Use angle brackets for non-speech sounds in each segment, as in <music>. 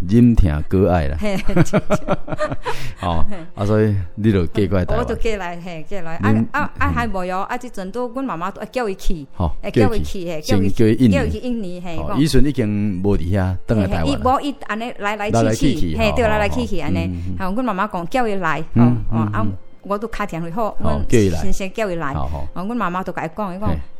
忍疼割愛了。 <laughs> <laughs> 哦， <laughs> 啊，所以你都趕快帶。我都過來，嘿，過來，啊啊啊，還冇有啊？這陣都我媽媽都叫伊去，好，叫伊去，嘿，叫伊叫伊印尼，嘿，以前已經冇離下，當然台灣。一冇一安尼來來去去，嘿，對，來來去去安尼。然後我媽媽講叫伊來，哦哦，啊，我都卡聽會好，我先生叫伊來，啊，嗯、啊啊啊我媽媽都甲伊講，伊、哦、講。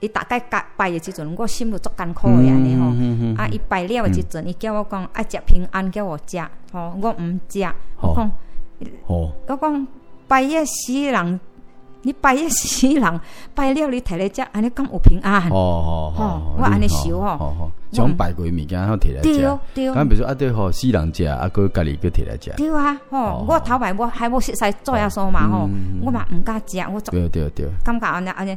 伊大概拜拜個時陣，我心就足艱苦個樣呢吼、嗯嗯嗯。啊，伊拜了個時陣，伊、嗯、叫我講愛食平安，叫我食，吼、哦，我唔食。吼、哦，我講、哦、拜一死人，你拜一死人，拜了你提來食，安尼敢有平安？哦哦哦，我安尼燒吼，將、嗯哦哦、拜過物件好提來食。對對哦，咁、哦、比如說阿對吼，死人食，啊、哦，哥家己個提來食。對啊，吼、哦哦，我頭擺我還冇食晒做下數嘛吼、嗯哦，我嘛唔敢食，我做對對對，感覺安尼安尼。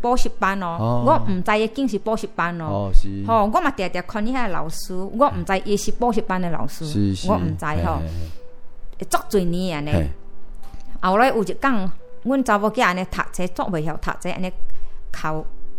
補習班咯、哦 oh. 哦 oh,，我毋知伊竟是補習班咯。吼，是，哦，我嘛日日看你下老師，我毋知伊是補習班嘅老師，我毋知吼，足、hey. 濟、hey. 年嘅。Hey. 後來有一工阮查某囝安尼讀冊作袂曉讀冊，安尼哭。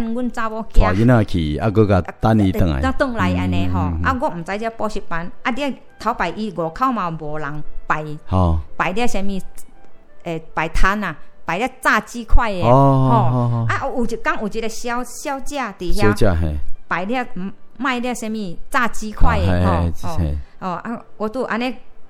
我阮查某去啊，擱甲等伊等啊，等來安尼吼啊，我毋知只補習班啊，啲頭擺伊外口嘛無人擺，擺啲蝦米誒，擺攤、欸、啊，擺啲炸雞塊誒，吼、哦哦哦啊哦。啊，有一工，有一個小小姐佇遐價系擺賣啲蝦米炸雞塊，吼吼吼。啊，我都安尼。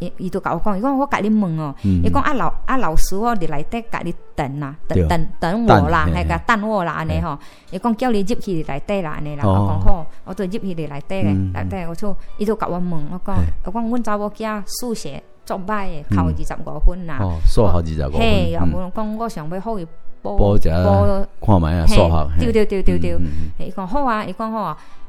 伊伊都甲我講，伊講我甲恁問哦、啊，伊講啊老啊老師哦佇內底甲恁等啊，等等等我啦，喺甲等我啦，安尼吼，伊講叫你入去佇內底啦，安尼啦，我講好，我對入去佇內底咧內底，嗯、我錯，伊都甲我問。我講，我講阮查某囝嘅數學作誒，扣二十五分啦，數學二十五分，係，嗯、我想我上邊可以波波，看覓啊，數學。掉掉掉掉掉，伊講好啊，伊講好啊。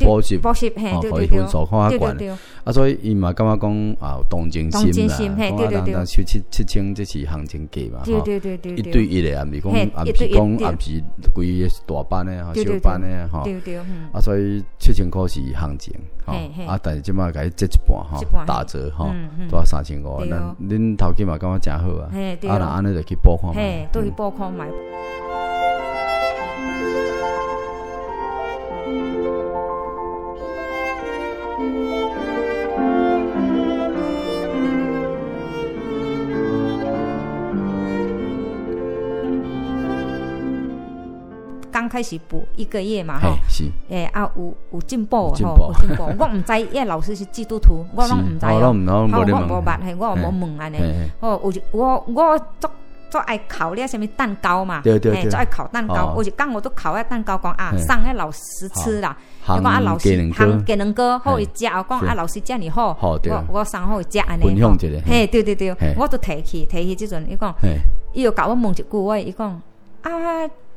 補習補習，可以幫手看下、啊、管。啊，所以伊、啊啊啊啊啊、嘛，感覺講啊，同情心嘛，講啊，但但少七七千即是行情價嘛，哈。一對一的啊，唔、啊啊、是講，唔是講，唔是貴些大班呢，小班呢，哈、啊。啊，所以七千塊是行情，啊，啊、嗯，但是即馬改折一半哈，打折哈，多三千五。恁頭幾嘛，感覺真好啊，啊，那安尼就去報考嘛。對，去報考買。開始補一個月嘛吼，誒，啊有有進步吼，有進步，我唔知，因為老師是基督徒，我攏唔知，我我唔識，我唔問安尼。哦，有我我做做愛烤咧，什麼蛋糕嘛，對，做愛烤蛋糕，我就講我都烤個蛋糕，講啊，送阿老師吃了。講啊，老師，肯給人哥好食，講啊，老師叫你好，我我生好食安尼。嘿，對對對，我都提起提起之陣，伊講，伊又教我問只顧問，伊講啊。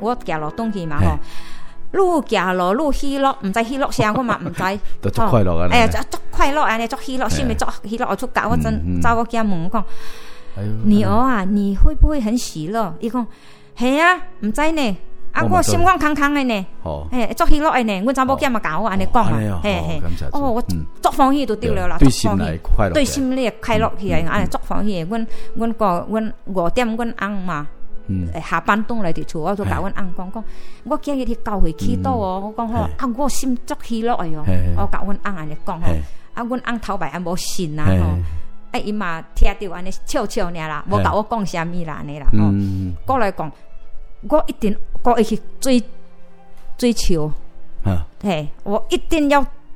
我行路東西嘛，吼，路行路路喜樂，毋知喜樂啥 <laughs> 我嘛，毋知。足快樂啊！哎呀，足、那個、快樂安尼，足喜樂先，咪足喜樂，我祝搞我陣，招、嗯嗯、我家問我講，女、哎、兒啊、嗯，你會不會很喜樂？伊講係啊，毋、哎、知呢，啊，我心肝空空嘅呢，誒、哦，足喜樂嘅呢，我查埔家嘛教我，安尼講嘛。誒誒、啊哦啊嗯，哦，我足歡喜都得了啦，對心理快樂，對心理嘅快樂，係啊，我足歡喜，我我我五點我翁嘛。嗯、下班東來佇厝，我就甲阮翁講講，我今仔日去教會祈禱哦，我講好啊，我心足喜樂來喲。我甲阮翁安尼講吼，啊，阮翁頭擺也冇信啊，欸笑笑啊嗯，哦，哎，伊嘛聽到安尼笑笑咧啦，冇甲我講蝦米啦，安尼啦哦，過來講，我一定，我要去追追求，嘿，我一定要。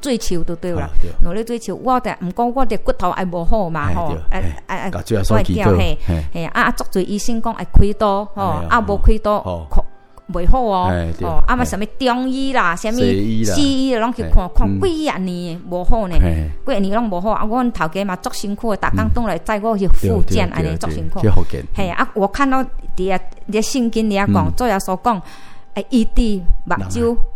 追求就對啦，努力追求。我哋唔過我哋骨頭係無好嘛吼，誒誒誒，怪掉嘿嘿。啊，足多醫生講係開刀吼，啊唔開刀，唔好哦。哦，啊嘛什麼中醫啦，什麼西醫，攏去看看幾啊年呢，唔好呢，幾啊年攏唔好。啊，我頭家嘛足辛苦，逐工轉來載我去復檢，安尼足辛苦。嘿啊，我看到啲啊，啲新聞你也講，昨日所講，誒、啊，醫治目睭。啊啊啊啊 食 ram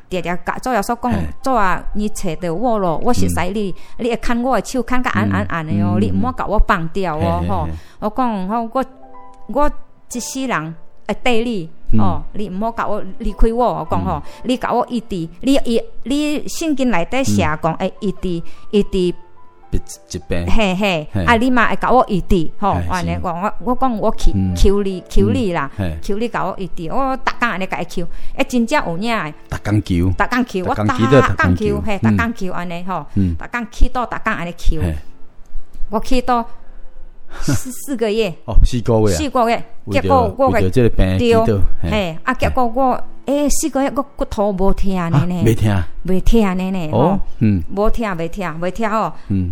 日日教，左右手講左啊！你揣着我咯，我識使你，你會牽我的手，牽到硬硬硬嘅哦。你毋好甲我放掉我嘿嘿嘿哦，吼，我講吼，我我一世人會綴你，哦，嗯、你毋好甲我離開我，我講吼、嗯，你甲我一直，你，你，你、欸、一你聖經內底寫講，誒一直一直，嘿嘿，啊，你嘛會甲我一直，嗬、哦哎啊，我講我我我求你、嗯，求你啦，嗯嗯、求你甲我一直，我逐工安尼甲伊求，一、欸、真正有影。鋼橋，搭鋼橋，我搭下鋼橋，係搭鋼橋安尼嗬，搭鋼去到搭鋼安尼橋，我去到四四個月，哦 <laughs> 四個月，哦四個月啊，四個月，結果我跌，係啊結果我誒、欸、四個月我骨頭冇聽你呢，冇、啊欸、聽，冇聽你呢、哦，哦，嗯，冇聽，冇聽，冇聽哦，嗯。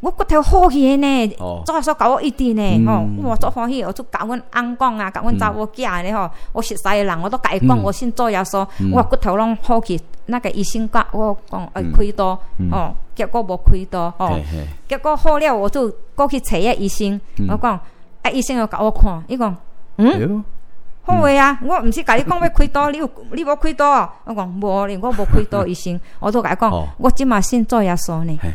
我骨頭好起嘅呢，oh. 做下所搞我一點呢，mm. 哦，我做開起，我就搞阮翁講啊，搞阮查某囝嘅，吼、mm. 我識晒人，我都介講，我先做一下所，mm. 我骨頭攏好起，那個醫生講我講開刀，mm. 哦，結果冇開刀，mm. 哦，hey, hey. 結果好了，我就過去找一下醫生，mm. 我講，啊醫生又搞我看，伊講，嗯，hey? 好未啊，mm. 我唔是甲你講要開刀， <laughs> 你有你冇開刀啊，我講冇，我冇開刀，醫 <laughs> 生，我都介講，oh. 我只馬先做下所呢。 <laughs> 欸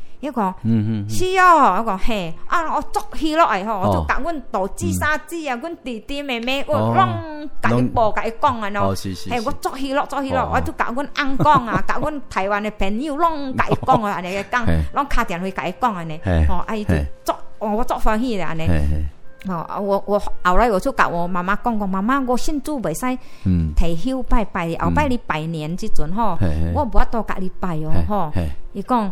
我講、嗯，是哦。我講，嘿，啊，我做戲咯，誒，吼，我就教阮導知沙知啊，阮弟弟妹妹，我攏跟報、哦、跟講啊、哦哦嗯哦哦，我做戲咯，做戲咯，我就教阮香港啊，教 <laughs> 阮台灣的朋友，攏跟講啊，你嘅講，攏打電話跟講啊，你，吼，啊，伊就做，我做歡喜啦，你，哦，我我後來我就教我媽媽講講、嗯，媽媽我信主未使，嗯，退休拜拜，後拜你拜年之陣，吼，我唔多跟你拜哦，嗬，伊講。